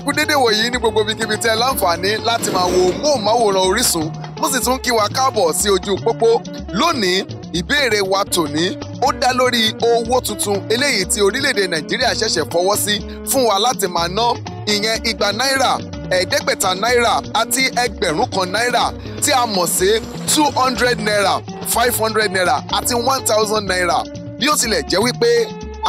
ẹ kú dédé wòyí ní gbogbo ibikíbi tẹ́ láǹfààní láti máa wo móhùnmáwòrán Orísun mo sì tún kí wa káàbọ̀ sí ojú pópó lónìí ìbéèrè wa tòní ó dá lórí owó tuntun eléyìí tí orílẹ̀-èdè Nàìjíríà ṣẹ̀ṣẹ̀ fọwọ́ sí fún wa láti máa ná ìyẹn igba náírà ẹ̀ẹ́dẹ́gbẹ̀ta náírà àti ẹgbẹ̀rún kan náírà tí a mọ̀ sí two hundred naira five hundred naira àti one thousand naira bí ó tilẹ̀ jẹ́ wípé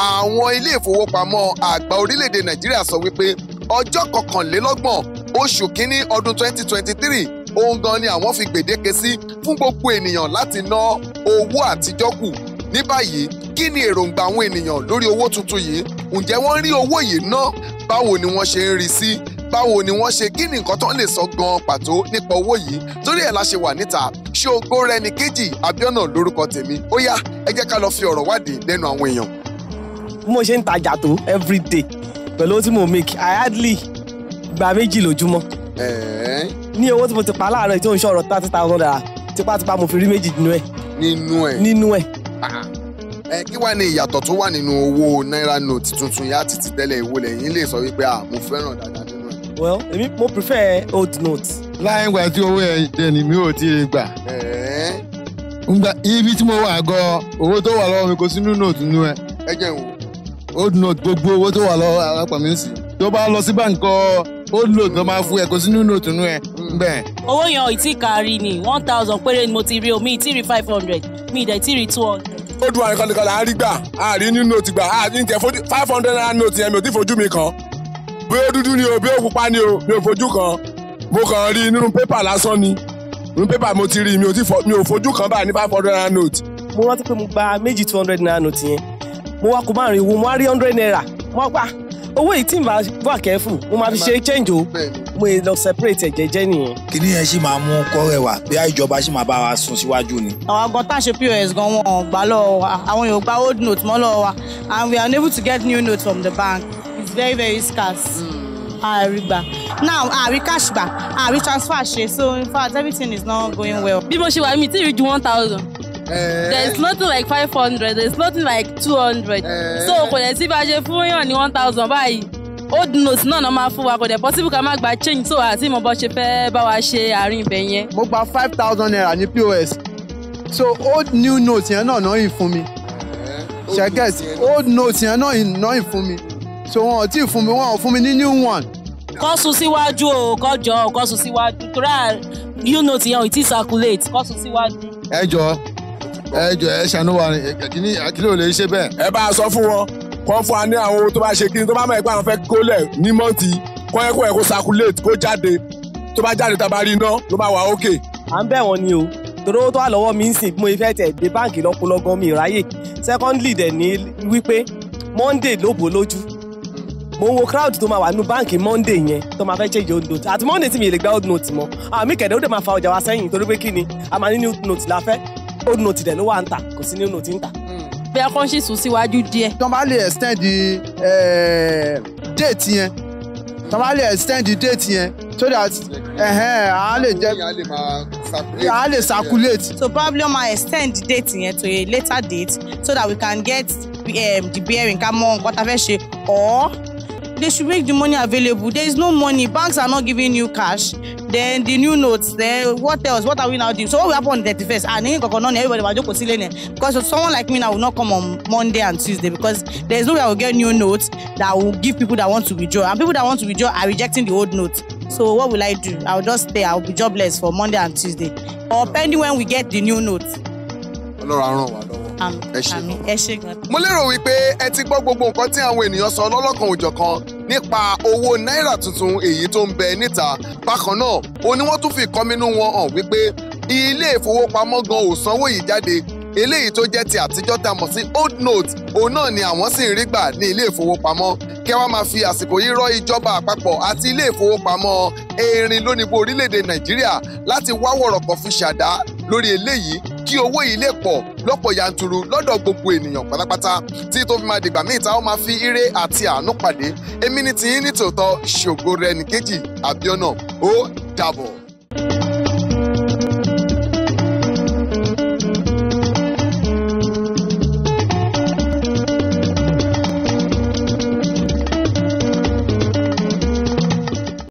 àwọn ilé ìfowópamọ́ àgbà orílẹ̀-èdè Nàìjíríà sọ wípé ọjọ́ kọkànlélọ́gbọ̀n oṣù kínní ọdún 2023 ohun gan ni àwọn fi gbèdéke sí fún gbogbo ènìyàn láti ná owó àtijọ́ kù ní báyìí kí ni èròǹgbà àwọn ènìyàn lórí owó tuntun yìí ǹjẹ́ wọ́n rí owó yìí ná báwo ni wọ́n ṣe ń rí sí báwo ni wọ́n ṣe kí ni nǹkan tán lè sọ gan pàtó nípa owó yìí torí ẹ̀ la ṣe wà níta ṣògo rẹni kejì abiona lórúkọ tèmi ó yá ẹ jẹ́ ká lọ fi ọ̀rọ̀ wádìí lẹ́nu àwọn èèyàn. mo ṣe ń tajà tó everyday pẹ̀lú owó tí mo make i gba méjì lójúmọ́. ní owó tí mo ti pa láàárọ̀ tí ò ń ṣọ̀rọ̀ thirty thousand naira tipátipá mo fi rí méjì nínú ẹ̀. nínú ẹ̀ nínú ẹ̀. kí wàá ní ìyàtọ̀ tó wà nínú owó náírà note tuntun yá títí tẹ́lẹ̀ ìwò lẹ́yìn lè sọ wípé à mo fẹ́ràn dáadáa nínú ẹ̀. well èmi mo prefer old note. láì gbà tí owó ẹ̀ jẹ ni mi ò tí ì gbà. ibi tí mo wà gan owó tó wà lọ́wọ́ mi kò sínú note nínú ẹ̀. ẹ jẹ́ old note gbogbo owó tó wà lọ́wọ́ àpapọ̀ mi sí tó bá lọ sí báńkọ old note ló máa fún ẹ kò sí new note nú ẹ bẹ́ẹ̀. owó yan ìtì kárí ni one thousand péré ni mo ti rí omi ìtì rí five hundred mi ìdẹ̀ ti rí two hundred ó dùn àrùn kọlẹ̀kọ̀ là á rí gbà á rí ní nóòtì gbà á ní tẹ five hundred naira nóòtì yẹn mi ò tí fojú mi kàn bí ó dúdú ni o bí ó pupa ni o mi ò fojú kàn mo kàn rí nínú pépà lásán ni nínú pépà mo ti rí mi ò fojú kàn báyìí ní five hundred naira nóòtì. mo rántí pé mo gba méjì two hundred naira note yẹn mo wá kó márùn ìwo mo wá rí hundred naira mo pa owó yìí tí n bá wà kẹ́fù mo máa fi ṣe change o mo lè lọ separate ẹ̀ jẹ́jẹ́ nìyẹn. kíní yẹn ṣì máa mú kọ́rẹ̀ wá bí ìjọba ṣì máa bá wa sùn síwájú ni. àwọn agan tá a ṣe pos gan wọn gbà lọ́wọ́ wa àwọn yóò old note mọ́ lọ́wọ́ wa and we are unable to get new note from the bank it's very very scarce. Mm àrígbà now àrí cash gbà àrí transfer ṣe so in fact everything is not going well. bí mo ṣe wà mí tí ì rí ju one thousand Eh. there is nothing like five hundred there is nothing like two hundred eh. so kò dẹ̀ sí bá a ṣe fún yàn ní one thousand báyìí old notes, náà náà máa fún wa kò dẹ̀ possible ká má gba change so àti mo bọ́ ṣe fẹ́ bá wa ṣe àárín ibẹ̀ yẹn. mo gba five thousand naira ní pos so old new notes, yẹn náà náà yìí fún mi eh, ṣẹ́gẹ́t old notes, yẹn náà náà yìí fún mi so wọn ò tí ì fún mi wọn ò fún mi ní new one. kọ́ sún síwájú o kọ́ jọ kọ́ sún síwájú torí à new notes, yẹn ò tí ì circulate kọ́ sún síwájú. ẹ jọ ẹ jọ ẹ ṣàánú wa kíní àkíní ò lè ṣe bẹ́ẹ̀. ẹ bá a sọ fún wọn kọ́ fún wa ní àwọn ohun tó bá ṣe kíni tó bá mọ̀ ẹ́ pé àwọn fẹ́ kólẹ̀ ní mọ́ǹtì kọ́ ẹ kó ẹ kó circulate kó jáde tó bá jáde tá iná ló bá wà ókè. à ń bẹ̀ wọ́n ni o torí tó wà lọ́wọ́ mi ń sìn mo fẹ́ tẹ̀ dé báǹkì lọ́pọ̀lọpọ̀ mi ìráyè secondly dẹ̀ ní wípé monday ló bò lójú mo ń wo crowd tó máa wà nínú báǹkì monday yẹn tó máa fẹ́ change old note àti monday tí mi lè gba old note mọ́ àmì kẹ̀dẹ̀ ó dẹ̀ máa fa ọjà wa sẹ́yìn torí pé kí ni a máa ní new note la fẹ́ ó nù tìdẹ̀ ló wà ń tà kò sí ní nù tí ń tà. bẹ́ẹ̀ kàn ṣì sùn síwájú díẹ̀. tó bá lè extend the eh, date yẹn tó bá lè extend date yẹn so that a lè jẹ a lè circulate. so probably ma extend the date yẹn to a later date so that we can get um, the bearing ká mọ nǹkan tá a fẹ́ ṣe or they should make the money available there is no money banks are not giving you cash then the new notes then what else what are we now doing so what will happen on the 31st and then kankan náà ni everybody ma jókòó sílé ni because someone like me now will not come on monday and tuesday because there is no way i will get new notes that will give people that want to withdraw and people that want to withdraw are rejecting the old notes so what will i do i will just stay i will be jobless for monday and tuesday or pending when we get the new notes. ọlọ́run á ràn wá lọ́wọ́ ẹ ṣe mo lérò wípé ẹ ti gbọ́ gbogbo nǹkan tí àwọn ènìyàn sọ lọ́lọ́kan òjọ̀kan nípa owó náírà tuntun èyí tó ń bẹ níta bákan náà ó ní wọ́n tún fi kọ́mínú wọn hàn wípé ilé ìfowópamọ́ gan ò sanwó yìí jáde eléyìí tó jẹ́ ti àtijọ́ tá a mọ̀ sí old note òun náà ni àwọn sì ń rí gbà ní ilé ìfowópamọ́ kẹwàá máa fi àsìkò yìí rọ ìjọba àpapọ̀ àti ilé ìfowópamọ́ erin lónìí bó orílẹ̀-èdè nàìjíríà láti wá wọ̀rọ̀kọ̀ fi ṣàdá lórí eléyìí kí owó yìí lè pọ̀ lọ́pọ̀ yanturu lọ́dọ̀ gbogbo ènìyàn pátápátá tí tó fi máa dìgbà míì tá ó máa fi ire àti àánú pàdé èmi ni tiyín nítòótọ́ ṣògo rẹ̀ nìkejì Àbíọ́nà ó dàbọ̀.